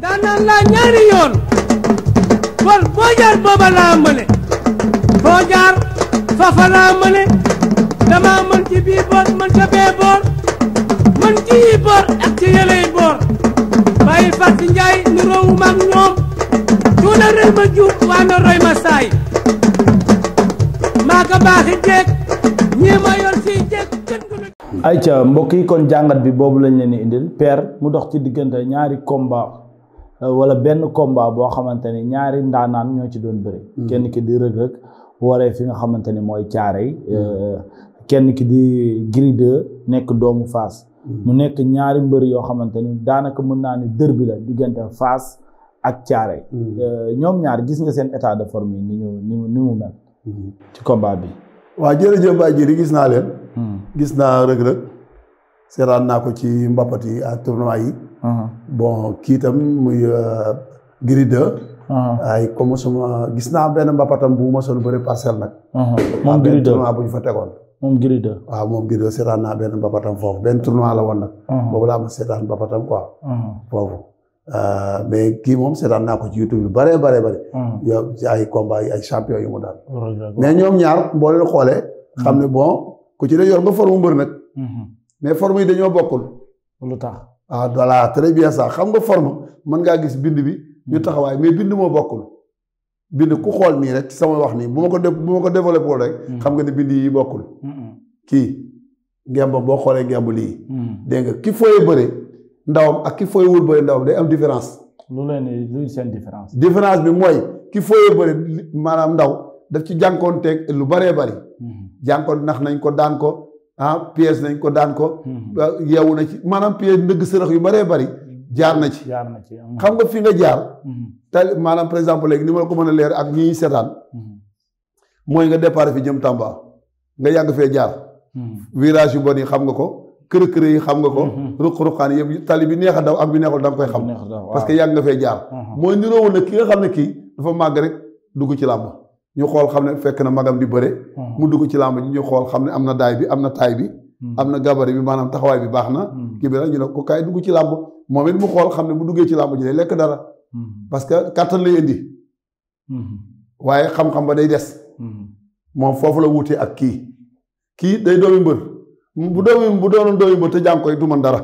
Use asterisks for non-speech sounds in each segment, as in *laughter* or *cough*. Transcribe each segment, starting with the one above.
ndaanaan laa ñaari yoon kon boo jaar booba laa mëne foo jaar fafa laa mëne dama mën ci bii boor mën ca bee boor mën ci boor ak ci yëley boor bàyyi fàtt njaay nu ñoom tuuna rëy ma juub waa na roy ma saay maa ko baaxi jeeg ñii ma yor siy jeeg gën gu ay ca mbokk kon jàngat bi boobu lañ leen di indil père mu dox ci diggante ñaari komba wala benn combat boo xamante ni ñaari ndaanaan ñoo ci doon bëri. Mm. kenn ki di Reug Reug waree fi nga xamante ni mooy Thiaroye mm. euh, kenn ki di Gris nekk doomu Fass. Mm. mu nekk ñaari mbër yoo xamante ni daanaka mën naa ne dër bi la diggante faas ak Thiaroye. Euh, ñoom ñaar gis nga seen état de forme yi ni ñu ni mu ni mu mel. ci combat bi. waaw jërëjëf Baye Diéry gis naa leen. gis naa Reug Reug seetaan naa ko ci mbapat yi ak tournoi yi. Uh-huh. bon kii tam muy uh, Gris 2. Uh-huh. ay comme sama gis naa benn mbapatam bu ma sonn bëri parcelle nag. Uh-huh. moom Gris bu ñu fa tegoon. moom Gris waaw moom Gris seetaan naa benn mbapatam foofu benn tournoi la woon nag. boobu laa ma seetaan mbapatam quoi. foofu uh, mais kii moom seetaan naa ko ci YouTube yu bëree bare yow ay combat ay champion yu mu daal. mais ñoom ñaar boo leen xoolee. xam ne bon ku ci ne yor nga forme mbër mais forme yi dañoo bokkul. lu tax ah voilà très bien ça xam nga forme mën ngaa gis bind bi. ñu hmm. taxawaay mais bind moo bokkul. bind ku xool nii rek sama wax nii bu ma ko def bu ma ko développé rek. Hmm. xam nga ne bind yi bokkul. Hmm, kii ngemb boo xoolee ngemb lii. dégg nga ki fooy bëre ndawam ak ki fooy wul bëre ndawam day am différence. lu leen luy seen différence. différence bi mooy ki fooyee bëri maanaam ndaw daf ci jànkoonteeg lu bëree bëri. jànkoon nax nañ ko daan ko ah pièce nañ ko daan ko. Mhm. yeewu na ci maanaam pièce ndëgg sërëx yu bëree bari jaar na ci jaar na ci xam nga fi nga jaar. Mhm. te maanaam par exemple léegi ni ma la ko mën a leer ak ñi seetaan. Mhm. mooy nga départ fi jëm Tamba. nga yàgg fee jaar. virage yu bon yi xam nga ko. kër-kër yi xam nga ko ruq-ruqaan yëpp tali bi neex a daw ak bi neexul da nga koy xam parce que yàgg nga fee jaar mooy niroowu na ki nga xam ne kii dafa màgg rek dugg ci làmb ñu xool xam ne fekk na magam di bëre. Hmm. mu dugg ci làmb ji ñu xool xam ne am na daay bi am na taay bi. Hmm. am na gabari bi maanaam taxawaay bi baax na. Hmm. kii bi nag ñu ne ko kaay dugg ci làmb moom it mu xool xam ne bu duggee ci làmb ji day lekk dara. parce que kàttan lay indi. waaye xam-xam ba day des. moom foofu la wuutee ak kii. kii day doomi mbër bu doomi bu doonoon doomi mbër te jàng koy du man dara.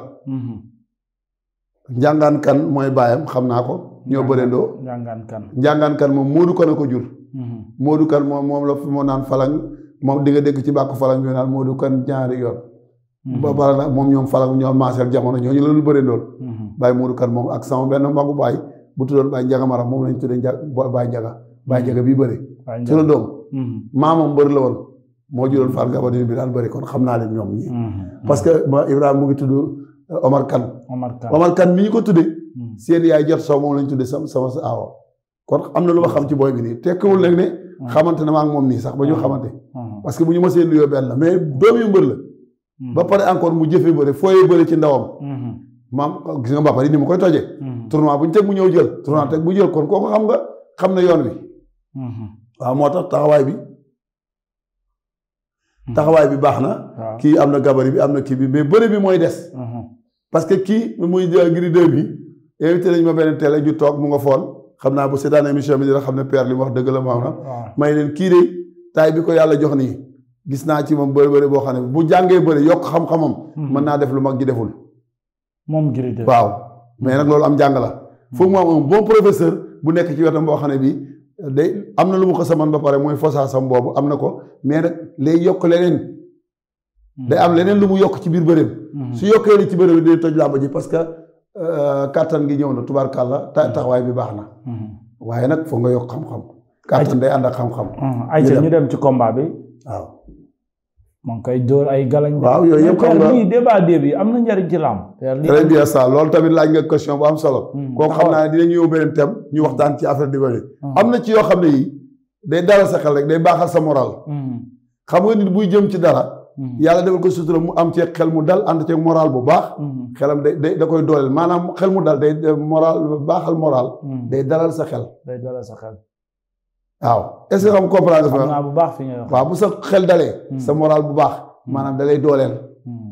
njàngaan kan mooy baayam xam naa ko. ñoo bërendoo njàngaan kan njàngaan moom Moodu Kan ko jur. Mm-hmm. Modou Kane moom moom la moo naan falang moom di nga dégg ci bàkku falang ñu naan Modou Kane ñaari yoon. Mm-hmm. ba pare nag moom ñoom falang ñoom maaseel jamono ñooñu la ñu bëree doon. Mm-hmm. Baye Modou Kane moom ak sama benn mbagu baay bu tuddoon Baye Njaga Maram moom lañ tuddee Baye Njaga Baye Njaga bii bëri. sunu doom. maamam mbër la woon. moo jural Fall Gabadine bi daan bëri kon xam naa leen ñoom ñi parce que ma Ibrahima mu ngi tudd uh, Omar Kane. Omar Kane Omar Kane mi ñu ko tuddee. seen yaay jot moom lañ tuddee sama sama sa kon am na lu ma xam ci booy bi nii tekkiwul nag ne. Hmm. xamante na ma ak moom nii sax ba ñu hmm. xamante. Hmm. parce que bu ñu mësee nuyoo benn la mais doom yu mbër la. ba pare encore mu jëfee foo fooyee bëre ci ndawam. maam gis nga mbaa pare ni mu koy tojee. tournoi bu ñu teg mu ñëw jël tournoi teg mu jël kon kooku xam nga xam na yoon wi. waa moo tax taxawaay bi. taxawaay bi baax na. kii am na gabari bi am na kii bi mais bëre bi mooy des. parce que kii muy Gris 2 bi invité nañu ma benn toog mu nga foon. xam naa bu seetaan émission bi dina ne mu wax dëgg la na may leen kii de bi ko yàlla jox nii gis naa ci moom bëri bëri boo xam ne bu jàngee bëri yokk xam-xamam hmm. mën naa def lu mag ji deful moom Gris 2 waaw mais nag loolu am jàng la hmm. foog mu am bon professeur bu nekk ci wetam boo xam ne bi day am na lu mu ko saman ba pare mooy fosaasam boobu am na mais nag yokk leneen hmm. day am leneen lu mu yokk ci biir bëreem su yokkee li ci bëreem day toj làmb ji parce Euh, kàttan gi ñëw na tubaarkàlla mm-hmm. taxawaay bi baax na. Mm-hmm. waaye nag foog nga yokk xam-xam. kàttan day ànd ak xam-xam. Mm-hmm. ay ci ñu dem ci combat bi. waaw. man koy dóor ay galañ. waaw yooyu yëpp xam nga lii débat bi am na njariñ ci làmb. très bien ça loolu tamit laaj nga question bu am solo. kooku xam naa ne dinañ ñëw beneen thème ñu waxtaan ci affaire diva am na ci yoo xam ne yii day dalal sa xel rek day baaxal sa moral. xam nga nit buy jëm ci dara. Mm-hmm. yàlla defal ko sutura mu am cee xel mu dal ànd ceeg moral bu baax mm-hmm. xelam day day da koy dooleel maanaam xel mu dal day moral baaxal moral mm-hmm. day dalal sa xel day dalal sa xel waaw est-ce que xam comprendre xam naa bu baax fi nga wax waaw bu sa xel dalee sa moral bu baax maanaam dalay dooleel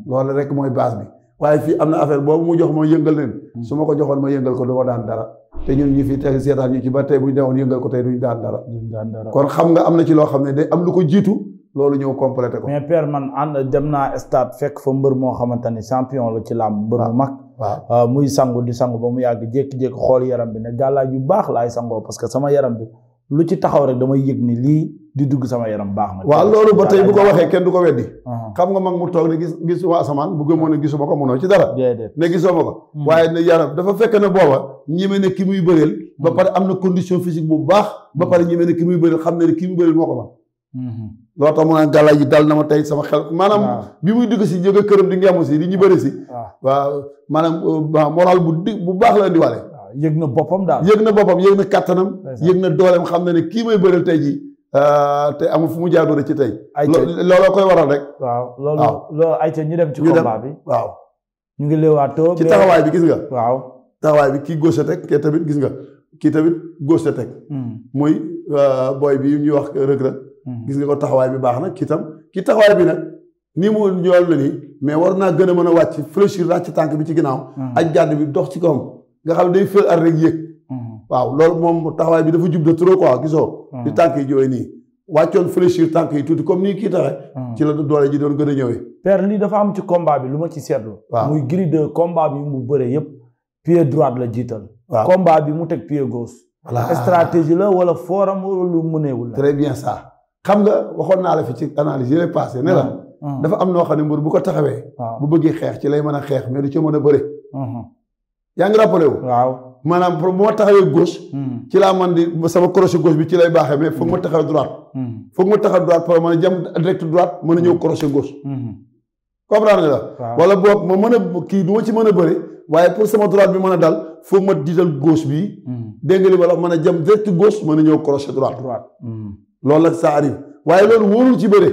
loolu rek mooy base bi waaye fii am na affaire boobu mu jox ma yëngal leen su ma ko joxoon ma yëngal ko du ma daan dara te ñun ñu fi seetaan ñu ci ba tey bu ñu demoon yëngal ko tey duñ daan dara kon xam nga am na ci loo xam ne day am lu ko jiitu loolu ñëw complété ko. mais père man ànd dem naa stade fekk fa mbër moo xamante ni champion la ci làmb mbër mu ah, mag. waaw ah, muy sangu di sangu ba mu yàgg jékki-jékki xool yaram bi ne gàllaaj yu baax laay sangoo parce que sama yaram bi lu ci taxaw rek damay yëg ni lii di dugg sama yaram baax na. waaw loolu tey bu ko waxee ko weddi. Ah. xam nga mag mu toog ne gis gisuma asamaan bu gëmoon ne gisuma ko munoo ci dara. déedéet ne gisoo ma ko. Hmm. waaye ne yaram dafa fekk ne booba ñeme ne ki muy bëreel. ba hmm. pare am na condition physique bu baax. ba hmm. pare ñeme ne ki muy bëreel xam ne ki muy bëreel moo ko man Mm-hmm. loo tax mu ne gala yi dal na ma tey sama xel maanaam bi muy dugg si jóge këram di ngemu si li ñu bëri si waaw maanaam moral bu di bu baax la indiwaale yëg na boppam daal yëg na boppam yëg na kàttanam yëg na dooleem xam na ne kii may bëri tey jii euh, te amul fu mu jaadoo ci tey looloo koy waral rek waaw loolu loolu ay ñu dem ci combat bi waaw ñu ngi léewaatoo ci taxawaay bi gis nga waaw taxawaay bi kii gauche teg kii tamit gis nga kii tamit gauche teg mooy hmm. euh, booy bi ñuy wax Reug Reug Mhm. gis nga ko taxawaay bi baax na kii tam kii taxawaay bi nag nii mu ñool la nii mais war naa gën a mën a wàcc laa ci tànk bi ci ginnaaw mhm. aj gàdd bi dox ci kawam nga xam ne day fël ar rek mhm. waaw loolu moom taxawaay bi dafa jub de trop quoi gisoo di tànk yi jooy nii wàccoon fléchir tànk yi tuuti comme nii kii taxe ci la doole ji doon gën a ñëwee père lii dafa am ci combat bi lu ma ci seetlu waaw muy Gris 2 combat bi mu bëree yëpp pied droit la jiital waaw combat bi mu teg pied gauche stratégie la wala fooram lu mëneewul très bien ça xam nga waxoon naa la fi ci analyse yi lay passé ne la ah, ah. dafa am noo xam ne mbër bu ko taxawee ah. bu bëggee xeex ci lay mën a xeex mais du ci mën a bëre uh-huh. yaa ngi rappelé wu waaw maanaam pour moo taxawee gauche hmm. ci laa man di sama crochet gauche bi ci lay baaxee mais foog ma taxawee droite hmm. foog ma taxaw droite pour a jëm direct droite mën a ñëw hmm. crochet gauche comprendre nga la wala boog ma mën a kii du ci mën a bëre waaye pour sama droite bi mën a dal foog ma diital gauche bi dégg nga li ma mën a jëm direct goos mën a ñëw crochet droite loolu ak ça arrive waaye loolu wóorul ci bëre.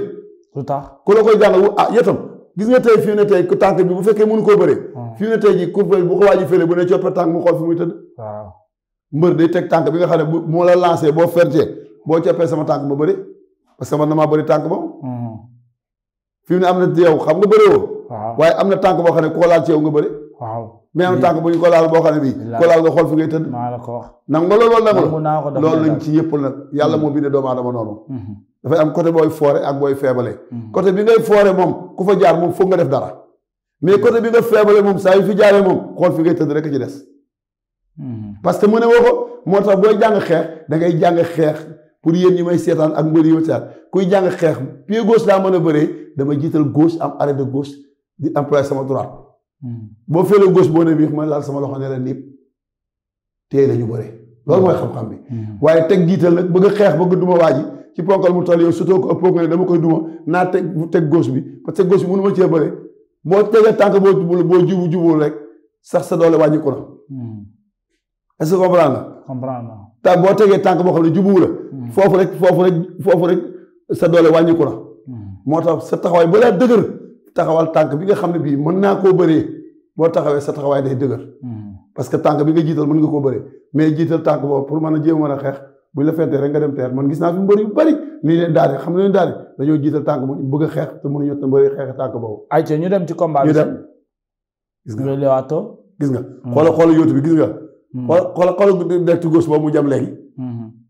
lu tax ku la koy jàngal ah yëpp tam gis nga tey fii ne tey ku tànk bi bu fekkee mënu koo bëre. Hmm. fii ne tey ji ku bu ko waaj a bu ne coppe tànk mu xool fi muy tëdd. mbër day teg tànk bi nga xam ne bu moo la lancé boo fertee boo coppee sama tànk ma bëri parce que man damaa bëri tànk ba. Hmm. fii mu ne am na yow xam nga bëri woo. waaye am na tànk boo xam ne ku ko laal ci yow nga bëri. waaw mais en tant bu ñu ko laal boo xam ne bii ko nga xool fi ngay tëdd maa la ko wax nangu nga loolu nangu la loolu lañ ci yëpp nag yàlla moo mm-hmm. bindee doomu aadama noonu mm-hmm. dafay am côté booy foore ak booy feebale mm-hmm. côté bi ngay foore moom ku fa jaar moom foog nga def dara mais côté bi nga feebale moom saa yu fi jaaree moom xool fi ngay tëdd rek ci des parce que mu ne woo ko moo tax booy jàng xeex da ngay jàng xeex pour yéen ñi may seetaan ak mbëri yi seetaan kuy jàng xeex pied gauche laa mën a dama jiital gauche am arrêt de di employé sama droite boo feelee gauche boo ne bii ma laal sama loxo ne la niib téye la ñu bëre loolu mooy xam-xam bi. waaye teg jiital nag bëgg a xeex bëgg duma waa ji ci ponkal mu toll yow sutoo ko ëppoo dama koy duma naa teg teg bi parce que gauche bi mënu ma cee bëre boo tegee tànk boo jubul boo jubu rek sax sa doole wàññi ko na. est que comprendre nga. comprendre boo tegee tànk boo xam ne jubuwu la. Hmm. foofu rek foofu rek foofu rek sa doole wàññi ko na. Hmm. moo tax sa taxawaay ba dëgër. taxawal tànk bi nga xam ne bii mën naa koo bëree boo taxawee sa taxawaay day dëgër. Hmm. parce que tànk bi nga jiital mën nga koo bëree mais jiital tànk boobu pour mën a jéem mën a xeex buñ la feetee rek nga dem teer man gis naa fi mbër xam ne leen daane dañoo jiital tànk bu bëgg a xeex te mënuñu ta mbëri xeex tànk boobu. ayca ñu dem ci combat gis nga leewaato hmm. hmm. ah, gis nga. xoolal xoolal yóotu bi gis nga. xoolal xoolal nekk ci mu jam léegi.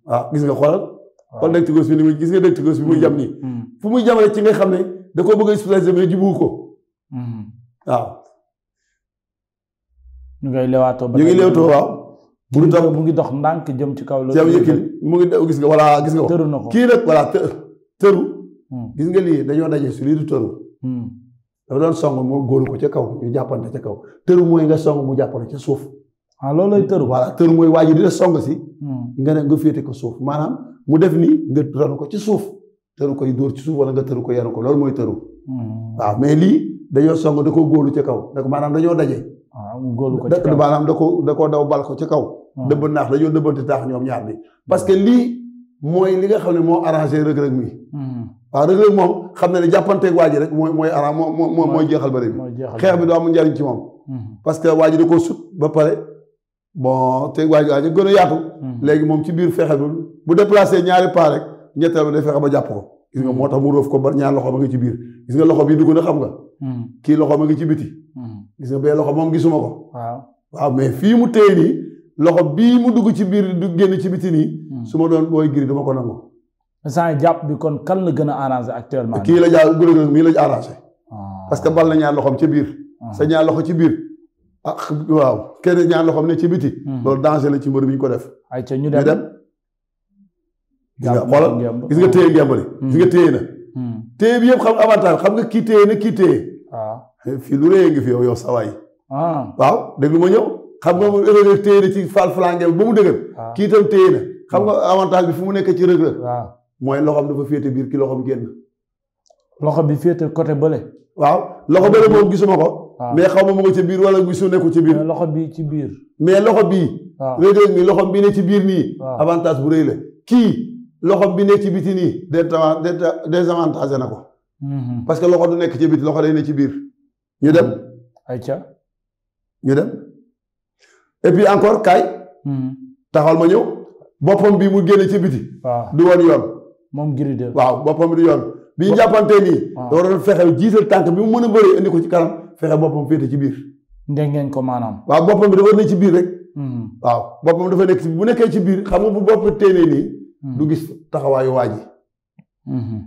waaw gis nga xoolal. xool nekk ci gauche bi ni muy gis nga nekk ci bi muy jam nii. fu muy jamale ci nga xam ne da ko bëgg a exploité mais jibu ko. Mhm. waaw. ñu ngi leewaatoo ba ñu ngi leewaatoo waaw. bu tax mu ngi dox ndànk jëm ci kaw. loolu yëkkil mu ngi gis nga voilà gis nga. na ko kii nag voilà të tëru. Hmm. nga lii dañoo daje su lii du tëru. Hmm. dafa doon song moo góoru ko ca kaw ñu jàppante ca kaw tëru mooy nga song mu jàppante ca suuf. ah loolu lay tëru. voilà tëru mooy waa ji di la song si. Hmm. nga ne nga féete ko suuf maanaam mu def nii nga tëral ko ci suuf. tëru ko dóor ci suuf wala nga tëru ko yaru ko loolu mooy tëru. Hmm. waaw mais lii dañoo song ah, da koo góolu ca kaw da maanaam dañoo daje. waaw da ko da koo daw bal ko ci kaw. Hmm. dëbb naax dañoo dëbbante taax ñoom ñaar bi parce lii mooy li nga xam ne moo arrangé rëg-rëg mi. Hmm. waaw rëg na ne jàppanteeg waa ji rek mooy mooy moo moo mooy jeexal bëri bi xeex bi doo am njariñ ci moom. parce que da koo sut ba pare bon te waa ji gën a yaatu. léegi moom ci biir fexe bu déplacé ñaari pas ñetteel ba day fexe ba jàpp ko gis nga hmm. moo tax mu roof ko ba ñaar loxo ma nga ci biir gis nga loxo bi dugg na xam nga hmm. kii loxo a ngi ci biti hmm. gis nga bee loxo moom gisuma ko waaw mais fii mu téye nii loxo bii mu dugg ci biir du génn ci biti nii su ma doon booy giri dama ko nangu instant jàpp bi kon kan la gën a arrangé actuellement kii la jaa gën a mii la arrangé ah. parce que bal na ñaar loxoom ci biir ah. sa ñaar loxo ci biir ah waaw kenn ñaar loxoom ne ci biti loolu danger la ci mbër bi ñu ko def ñu dem gis nga xoolal gis nga téye ngemb hmm. gis nga téye na hmm. téye bi yëpp xam avantage xam nga kii téye na kii téye ah. eh, fii lu réy ngi fi yow yow sawaay ah. waaw déglu ma ñëw xam nga moom rëg téye na ci fal flange ba mu dëgër ah. kii itam téye na xam nga avantage bi fu mu nekk ci rëg la mooy loxoom dafa féete biir ki loxoom génn loxo bi féete côté bële waaw loxo bële moom gisuma ko mais xaw ma mu nga ci biir wala gisu nekku ci biir loxo bii ci biir mais loxo bi rëg-rëg mi loxoom bi ne ci biir nii avantage bu rëy la kii loxo bi nekk ci biti nii de désavantagé na ko. Mhm. parce que loxo du nekk ci biir loxo day ne ci biir. ñu dem. Mhm. ayca ñu dem et puis encore kaay. Mhm. taxawal ma ñëw boppam bi mu génne ci biti. du woon yoon. moom giri de waaw boppam du yoon. bi ñu jàppante nii. da waroon fexe jiital tànk bi mu mën a bëri indi ko ci kanam fexe boppam féete ci biir. ndeg ngeen ko maanaam. waaw boppam bi dafa ne ci biir rek. waaw boppam dafa nekk ci bu nekkee ci biir xam nga bu bopp téenee nii. Hmm. du gis taxawaayu waa ji hmm.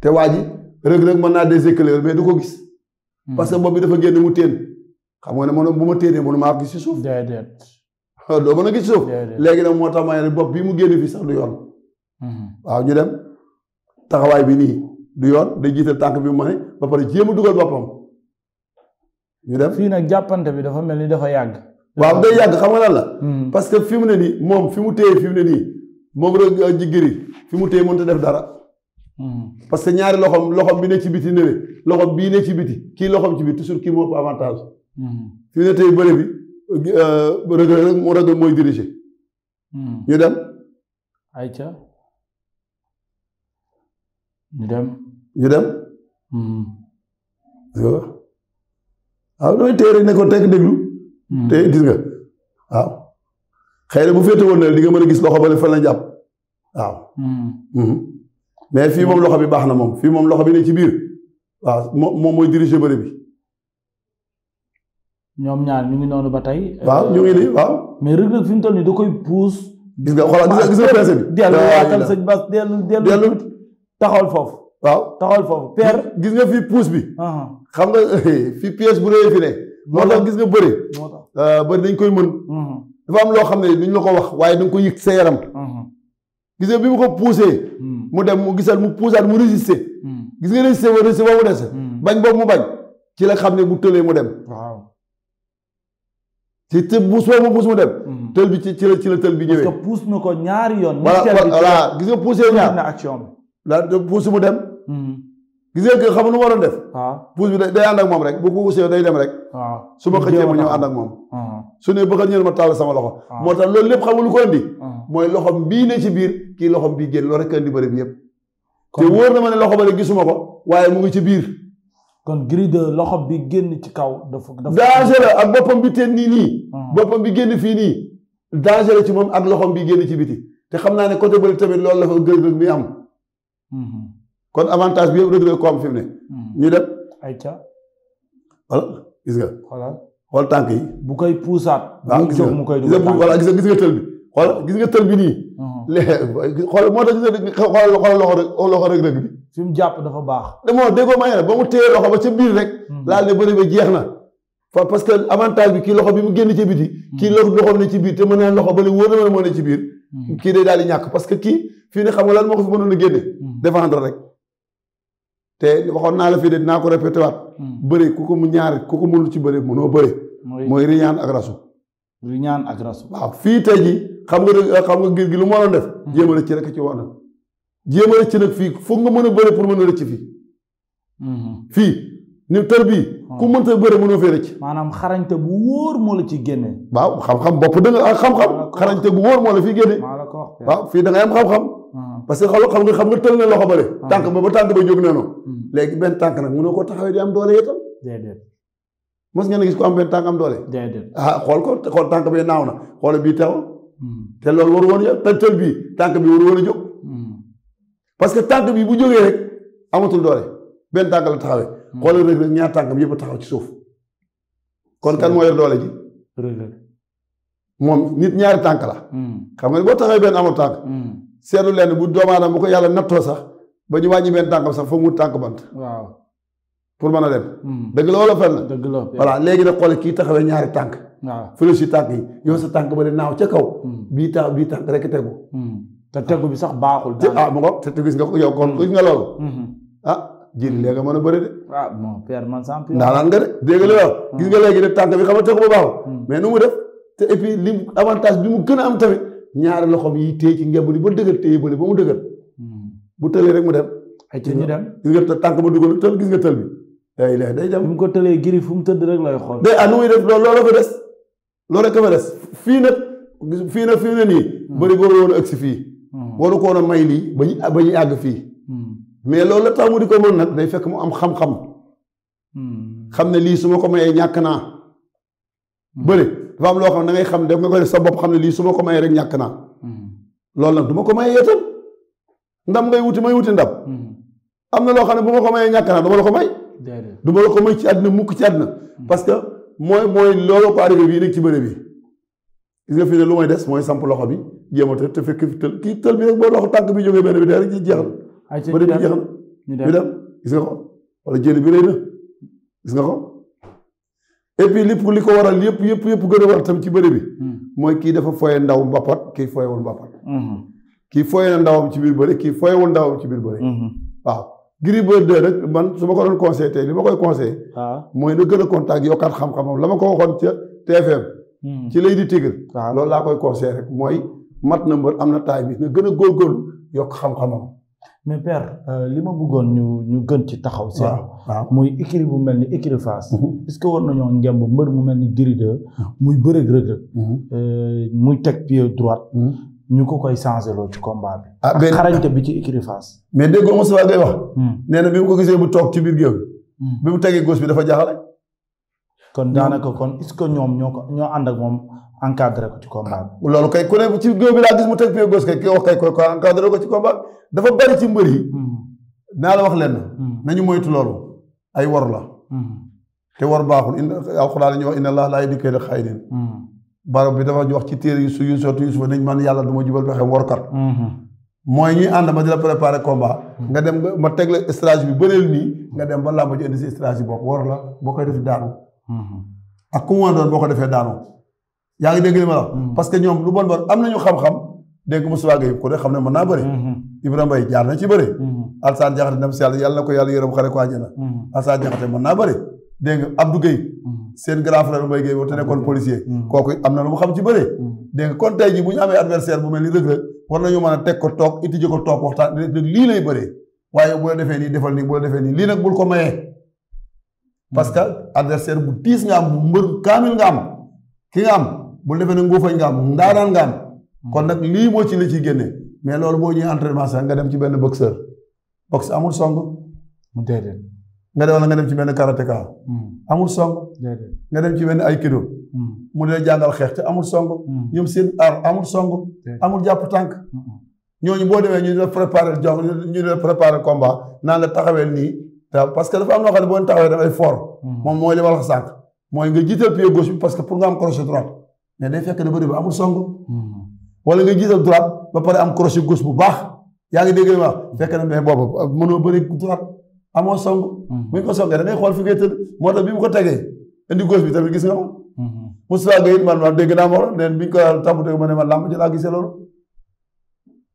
te waa ji rëg-rëg mën naa des éclairs mais du ko gis hmm. parce que bopp bi dafa génn mu téen xam nga ne moom bu ma téenee mënu maa gis ci suuf déedéet *laughs* doo mën a gis léegi nag moo tax ma ne bopp bi mu génn fii sax du yoon waaw ñu dem taxawaay bi nii du yoon day jiital tànk bi mu ma ne ba pare jéem a dugal boppam ñu dem fii nag jàppante bi dafa mel ni dafa yàgg waaw day yàgg xam nga lan la parce que fi mu ne nii moom fi mu téye fi ne nii moom rek euh, jigéen fi mu téye mënut a def dara. Hmm. parce que ñaari loxom loxom bi ne ci biti nële loxom bii ne ci biti kii loxom ci biti toujours kii moo ëpp avantage. Hmm. fi ne tey bëre bi Reug Reug moo Reug mooy diriger. Hmm. ñu dem. ayca ñu dem. ñu dem. waaw ah, damay téye rek ne ko déglu. te gis nga waaw. xëy na bu féete woon ne di nga mën a gis loxo ba fan la jàpp waaw. Hmm. Hmm. mais fii moom loxo bi baax na moom fii moom loxo bi ne ci biir waaw moom mooy diriger bëri bi. ñoom ñaar ñu ngi noonu ba tey. Euh, waaw ñu ngi nii waaw. mais Reug Reug fi mu toll nii da koy pousse. gis nga xoolal gis nga peese bi. dellu waatal sëñ Bass dellu dellu taxawal foofu. waaw taxawal foofu père. gis nga fii pousse bi. Ah. xam nga *laughs* fii pièce bu rëy fi ne. moo tax gis nga bëri. Euh, bëri dañ koy mën. Hmm. dafa am loo xam ne duñ la ko wax waaye da nga ko yëg sa yaram. Uh-huh. gis bi mu ko poussé. Hmm. mu dem mu gisal mu puusaat mu résister. Hmm. gis nga résister ba mu des. Hmm. bañ boobu mu bañ ci la xam ne bu tëlee mu dem. waaw ci te buus boobu mu buus mu dem. tël bi ci ci la ci la tël bi ñëwee. parce na ko ñaari yoon. voilà voilà gis nga poussé ñaar. na la pousse mu dem. gis xam nga lu ma waroon def. waaw ah. puus bi day ànd ak moom rek bu ko usee day dem rek. Ah. su ma xëccee ma ñëw ànd ak moom. Ah. su ne bëgg ñëw ma taal sama loxo. moo tax loolu lépp xam lu ko indi. mooy loxom bii ne ci biir kii loxom bii génn rek indi bëri bi yëpp. te na ma ne loxo ba rek gisuma ko waaye mu ngi ci biir. kon gris de loxo bi génn ci kaw dafa. danger la ak boppam bi teen nii nii. boppam bi génn fii nii. danger ci moom ak loxom bi génn ci biti te xam naa ne côté bëri tamit lool la fa gërëm mi am mhm. kon avantage bi yëpp Reug Reug ko am fi mu ne. Hmm. ñu dem. ayca. voilà gis nga. voilà xool tànk yi. bu koy puusaat. waaw gis nga mu koy dugal gis nga gis nga tël bi. xool gis nga tël bi nii. Hmm. xool moo tax gis nga xool xool loxo rek Reug Reug bi. fi mu jàpp dafa baax. demoo déggoo maa ngi ba mu téye loxo ba ca biir rek. Hmm. laal ne bëri ba jeex na. fa parce que avantage bi kii loxo bi mu génn ci biti kii loxo loxo ne ci biir te mën na loxo bale wóor na mën a ne ci biir kii day daal di ñàkk parce que kii fii ne xam nga lan moo ko fi mënoon rek te waxoon naa la fii de dinaa ko répété waat. Hmm. bëri ku ko mu ñaari ku ko mënul ci bëri mënoo bëri. mooy riñaan ak rasu. riñaan ak rasu. waaw fii tey ji xam nga xam nga ngir gi lu mu waroon def. Hmm. jéem a rëcc rek ci woon jéem a rëcc nag fii foog nga mën a bëri pour mën a rëcc fii. Hmm. fii ni tër bii. ku mënta bëri mënoo fee rëcc. maanaam xarañte bu wóor moo la ci génne. waaw xam-xam bopp dëgg ak xam-xam. xarañte bu wóor moo la fii génne. waaw fii da am xam-xam. parce que xaw xam nga xam tël na loxo bële ah. tànk ba ba tànk ba jóg noonu hmm. léegi benn tànk nag mënoo ko taxawee di am doole itam déedéet mos ngeen gis ko am benn tànk am doole déedéet ah xool ko xool tànk bi naaw na xool bii teew hmm. te loolu waru woon te tël bi waru woon hmm. parce que tànk bi bu jógee rek amatul doole benn tànk la taxawee xoolal rek rek ñaar tànkam yëpp a taxaw ci suuf kon kan moo yor doole ji moom nit ñaari tànk la xam nga boo taxawee benn amul tànk seetlu leen bu doomu aadama bu ko yàlla nattoo sax ba ñu wàññi benn tànkam sax fa mu tànk bant. waaw pour mën a dem. Hmm. dëgg la wala fen la. dëgg la voilà léegi nag xool kii taxawee ñaari tànk. waaw fële tànk yi yow sa tànk ba de naaw ca kaw. Hmm. bii ta bii tànk rek tegu. Hmm. te tegu bi sax baaxul. ah mu ko te gis nga yow kon gis nga loolu. ah jëli léegi mën a bëri de. waaw ah, non père man sans pire. ndaanaan nga de dégg nga gis nga léegi ne tànk bi xam nga tegu ba baaxul. mais nu def te et li avantage bi mu gën a am tamit ñaari loxo loxoom yi téye ci ngemb li ba dëgër téye bële ba mu dëgër hmm. bu tëlee rek mu dem ay ci ñu dem gis nga tànk ba dugal tël gis nga tël bi day lay day dem ko tëlee giri fu mu tëdd rek lay xool day ah nu muy def loolu loolu ko des loolu ko fa des fii nag fii nag fii ne nii hmm. bëri boobu woon a ëgg si fii hmm. waru ko a may lii ba ñu ba ñu àgg fii mais loolu la tax mu di ko mën nag day fekk mu am xam-xam xam ne lii su ma ko mayee ñàkk naa bëri dafa am loo xam ne da xam def nga koy def sa bopp xam ne lii su ma ko mayee rek ñàkk naa hmm. loolu nag du ma ko mayee yeetal ndam ngay wuti may wuti ndam hmm. am na loo xam ne bu ma ko mayee ñàkk naa du ma la ko may du ma la ko may ci àddina mukk ci àddina hmm. parce que mooy mooy loolu ko arrivé bii nekk ci bëre bi gis nga fii ne lu may des mooy samp loxo bi jéem a tël te fekk fi tël kii tël bi rek boo loxo tànk bi jógee benn bi dee rek ci jeexal bëre bi jeexal ñu dem gis nga ko wala jël bi rëy na gis nga ko et puis li ko waral yëpp yëpp yëpp gën a a tam ci bëri bi hmm. mooy kii dafa foye ndaw mbappat kii foyewul mbappat hmm. kii foye na ndawam ci biir bëri kii foyewul ndawam ci biir bëri hmm. waaw Gris Bordeaux nag man su ma ko doon conseillé tey li ma koy conseillé ah. mooy na gën a contact yokkaat xam-xamam la ma ko waxoon ca TFM ci lay di tigre ah. loolu laa koy conseillé rek mooy mat na mbër am na taay bi na gën a góorgóorlu yokk xam-xamam mais per euh, li ma bëggoon ñu ñu gën ci taxaw. seen muy écurie bu mel ni écurie Fass. Mhm. est-ce que war nañoo ngemb mbër mu mel ni Gris mhm. muy bëreeg rëgg-rëgg. Mhm. Euh, muy teg pied droite. ñu ko koy changé loo ci combat bi. ah bi ci écurie Fass. mais déggoo Moussa Gueye wax. Hmm. nee na bi mu ko gisee bu toog ci biir géew bi. Hmm. bi mu tegee gauche bi dafa jaaxale. kon daanaka kon est-ce ñoom ñoo ko ñoo ànd ak moom encadré ko ci combat bi. loolu kay ku ne ci góob bi laa gis mu teg pied gauche kay ki wax kay ko encadré ko ci combat dafa bari ci mbër yi. Hmm. naa la wax lenn. Hmm. nañu moytu loolu ay wor la. Hmm. te war baaxul in alxuraan la ñuy wax inna allah laa yahdi kayda xaa'iniin. barab bi dafa ñu wax ci téere yu su yu sotti yu suba nañ man yàlla du ma jubal pexe workat. mooy ñuy ànd ma di la préparer nga dem ma teg la stratégie bi bëreel nii nga dem ba làmb ji indi si stratégie bopp war la boo Mm-hmm. ak ku mu mën a doon boo ko defee daanoo yaa ngi dégg li ma la mm-hmm. parce que ñoom lu bon bon am nañu xam-xam dégg nga Moustapha Gueye ku ne xam ne mën naa bëri mm-hmm. Ibrahima Mbaye jaar na ci bëri Alassane Diakhaté dem si yàlla yàlla ko yàlla yërëm xare ko àjjana Alassane Diakhaté mën naa bëri dégg nga seen grand frère Mbaye Gueye te nekkoon policier kooku am na lu mu xam ci bëri dégg nga kon tey ji mu ñu amee adversaire bu mel ni Reug Reug war nañu mën a teg ko toog ko toog waxtaan lii lay bëree waaye bu la defee nii defal nii lii nag bul ko mayee parce que adversaire bu tiis nga am bu mbër kaamil nga am ki nga am bu defee ne nguufañ nga am ndaanaan nga am. kon nag lii moo ci li ci génne mais loolu boo ñëwee entraînement sax nga dem ci benn boxeur boxe amul song. déedéet nga dem wala nga dem ci benn karatéka. Hmm. amul song. déedéet nga dem ci benn aikido. Hmm. mu dee jàngal xeex te amul song. Hmm. ñoom seen ar amul song. amul jàpp tànk. ñoo ñu boo demee ñu ne la préparer jox ñu ne la préparer combat naan la taxawee nii. waaw parce que dafa am loo xam ne boo taxawee dafay hmm. moom mooy li ma la wax sànq. mooy nga jiital pied gauche bi parce que pour nga am crochet droite mais hmm. ba pare am crochet bu baax yaa ngi dégg wax hmm. fekk na mais boobu mënoo bëri droite amoo song. bu ñu ko songee da ngay xool fi ngay tëdd bi mu ko tegee indi gauche bi tamit gis nga ko. Moussa Gueye man man naa moom bi ñu ko tàmbatee ne ma làmb ji laa gisee loolu.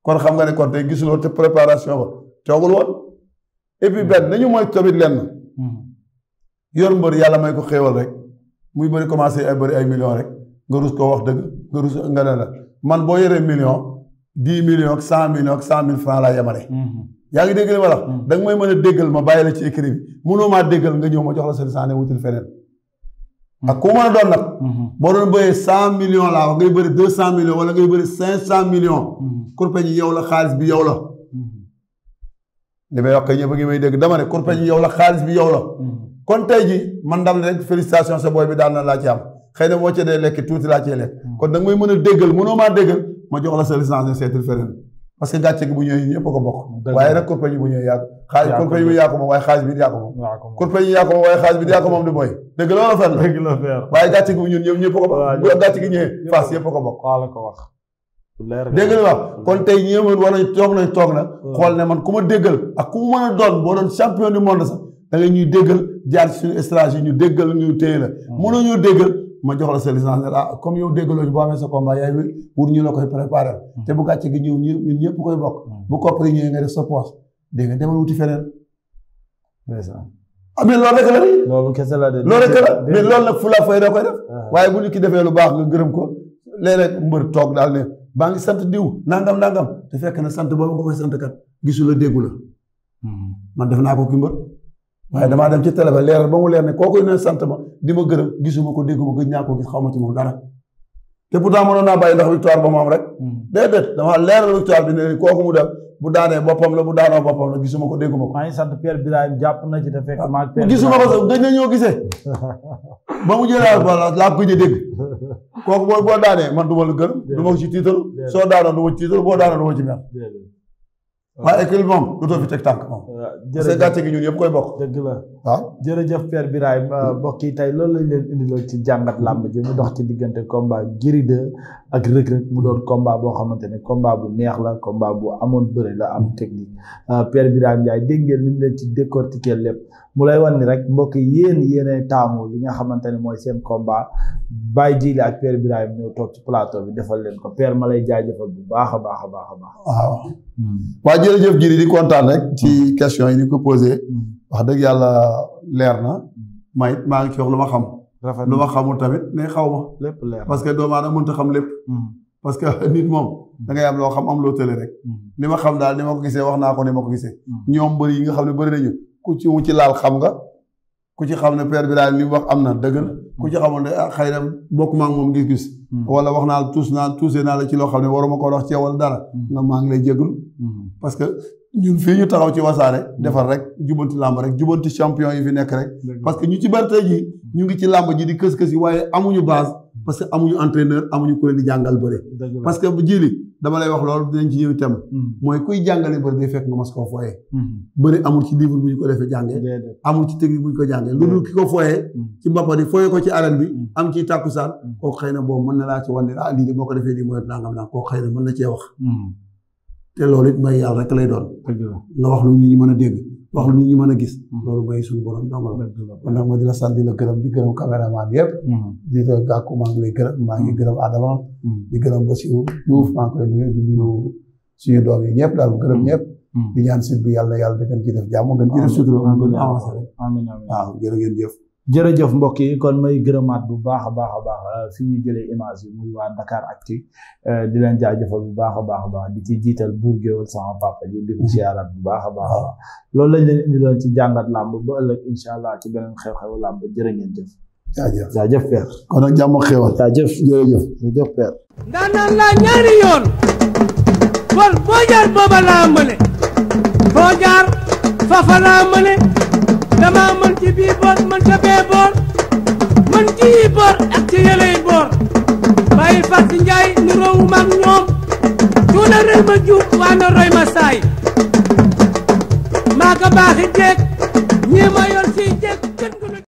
kon xam nga ne kon tey gisuloo te préparation ba toogul woon. et puis benn nañu mooy tamit lenn. Hmm. yor mbër yàlla may ko xewal rek muy bëri commencé ay bëri ay million rek nga rus koo wax dëgg nga rus nga ne la man boo yoree million dix million ak cent millions ak cent mille francs laa yemale. Hmm. dégg li ma la hmm. mën a ma bàyyi la ci écrit bi mënoo maa déggal nga ñëw ma jox la seen sànni wutul feneen. ak ku mën a doon nag. boo doon bëree cent million laa wax ngay bëri deux cent millions wala ngay bëri cinq cent million kurpeñ yi yow la xaalis bi yow la. li may wax kay ñëpp ngi may dégg dama ne kurpeñ yow la xaalis bi yow la. kon tey man dam rek félicitation sa booy bi daal na laa ci am xëy boo ci dee lekk tuuti laa cee lekk. kon da may mën a déggal mënoo maa déggal ma jox la sa licence seetul feneen parce que gàcce gi bu ñëwee ñëpp ko bokk. waaye nag kurpeñ bu ñëwee yaa xaalis kurpeñ yi yaa moom waaye xaalis bi yaa ko moom. yaa ko moom waaye xaalis bi yaa ko moom du mooy. dëgg la fen la waaye gàcce gi bu ñun wax dégg nga wax kon tey ñi war nañ toog nañ toog na hmm. xool ne man ku ma déggal ak ku mu a doon boo doon champion du monde sax da ñuy déggal jaar ci suñu stratégie ñu déggal ñu téye la hmm. mënoo ñu déggal ma jox la sa licence ah comme yow déggaloo boo amee sa combat yaay wut ñu la koy préparé hmm. te bu gàcce gi ñëw ñun ñëpp koy bokk bu sa poche dégg nga demal wuti feneen ah mais loolu rek la de. loolu kese la de. loolu nag fu la fay koy def ah. waaye bu nit ki defee lu baax nga gërëm ko léeg-léeg mbër toog daal ne baa ngi sant diw nangam nangam te fekk na sant boobu nga koy sant kat gisu la déggu la hmm. man def naa ko ki mbër waaye damaa dem ci télé ba leeral ba wu leer ne kooku ne sant mo di ma gërëm gisuma ko dégguma gëj naa gi gis xaw ma ci moom dara te pourtant mënoon naa bàyyi ndax victoire ba mu am rek hmm. déedéet dama leeral victoire bi ne kooku mu dem bu daanee boppam la bu daanoo boppam la gisuma ko dégguma ko. maa ngi sant Pierre jàpp na ci te fekk ah, maa ak Pierre gisuma ko sax dañ na ñoo gisee *laughs* ba mu jëlee wala laa ko dégg kooku boo boo daanee man du ma la gën ma ko ci tiitaru soo daanoo du ci tiitaru boo daanoo du ci mer waaye école moom dootoo fi teg tànk moom. jërëjëf parce que gàcce gi ñun yëpp koy bokk. dëgg la waaw jërëjëf Père Birahim euh, hmm. mbokk yi tey loolu lañ leen indiloon ci jàngat làmb ji mu dox ci diggante komba Gris 2 ak Reug Reug mu doon combat boo xamante ne combat bu neex la combat bu amoon bëri la am hmm. technique euh, per Birahim Ndiaye dégg ngeen li mu leen ci décortiquer lépp. mu lay wan ni rek mbokk yéen yéenay taamu li nga xamante ne mooy seen combat baay Djily ak Père Birahim ñoo toog ci plateau bi defal leen ko Père ma lay jaajëfal bu baax a baax a baax a baax. waaw hmm. waa jërëjëf Djily di kontaan rek ci hmm. question yi ni ko posé hmm. wax dëgg yàlla leer na ma maa ngi ci wax lu ma xam. rafet lu ma xamul tamit ne xaw ma. lépp leer parce que doomu aadama mënut a xam lépp. parce que nit moom da ngay am loo xam am loo tële rek. li ma xam daal ni ma ko gisee wax naa ko ni ma ko gisee. ñoom bëri yi nga xam ne bëri nañu ku ci wu ci laal xam nga ku ci xam ne père bi daal li mu wax am na dëgg la ku ci xamoon ne ah xëy na bokk maa ngi moom gis-gis hmm. wala wax naa tuus naa tuusee naa la ci loo xam ne waruma ko wax ci wala dara hmm. nga maa lay jégalu hmm. parce fii ñu taxaw ci wasaare defar rek jubanti làmb rek jubanti champion yi fi nekk rek parce que ñu ci bari tey jii ñu ngi ci làmb ji di kës-kës yi waaye amuñu base parce que amuñu entraîneur amuñu ku leen di jàngal bëre parce que bu jili dama lay wax loolu dinañ ci ñëw itam hmm. mooy kuy jàngale bëri day fekk nga mas koo fooyee hmm. bëri amul ci livre bu ñu ko defee jàngee amul ci technique bu ñu ko jàngee lu dul ki ko fooyee hmm. ci mbappa di fooyee ko ci arène bi am ci tàkkusaan kooku xëy na boobu mën na laa ci wan ne ah lii de boo ko defee di mooy nangam naa kooku xëy na mën na cee wax te loolu it may yàlla rek lay doon nga wax lu ñu mën a dégg wax lu ñu mën a gis. Mm-hmm. loolu mooy suñu borom dong la. kon ma di la sant di la gërëm di gërëm caméraman yëpp. Mm-hmm. di la gàkku maa ngi lay gërëm maa ngi mm-hmm. gërëm Adama. di gërëm Bassirou Diouf maa ngi koy nuyu di nuyu suñu doom yi ñëpp daal gërëm ñëpp. di ñaan site bi yàlla yàlla da ngeen ci def jàmm gën ci def sutura gën a avancé rek. jërëjëf mbokk yi kon may gërëmaat bu baax a baax a baax euh, fi ñu jëlee image yi muy waa Dakar ki euh, di leen jaajëfal bu baax a baax a baax di ci jiital buur géwal sama papa ji di ko siyaaraat bu baax a baax a baax loolu lañ leen ci jàngat làmb ba ëllëg incha allah ci beneen xew-xewu làmb jërë ngeen jëf jaajëf jaajëf père kon nag jàmm xew jaajëf jërëjëf jërëjëf père ndaa ñaari yoon kon boo jaar booba laa mëne boo jaar fafa laa mëne dama mën ci bii boor mën ca bee boor mën ci yi boor ak ci yëley boor bàyyi fas si nu roowu mag ñoom tuuna rëy ma juub waa na ma saay maa ko baaxi jeeg ñii ma yor si jeeg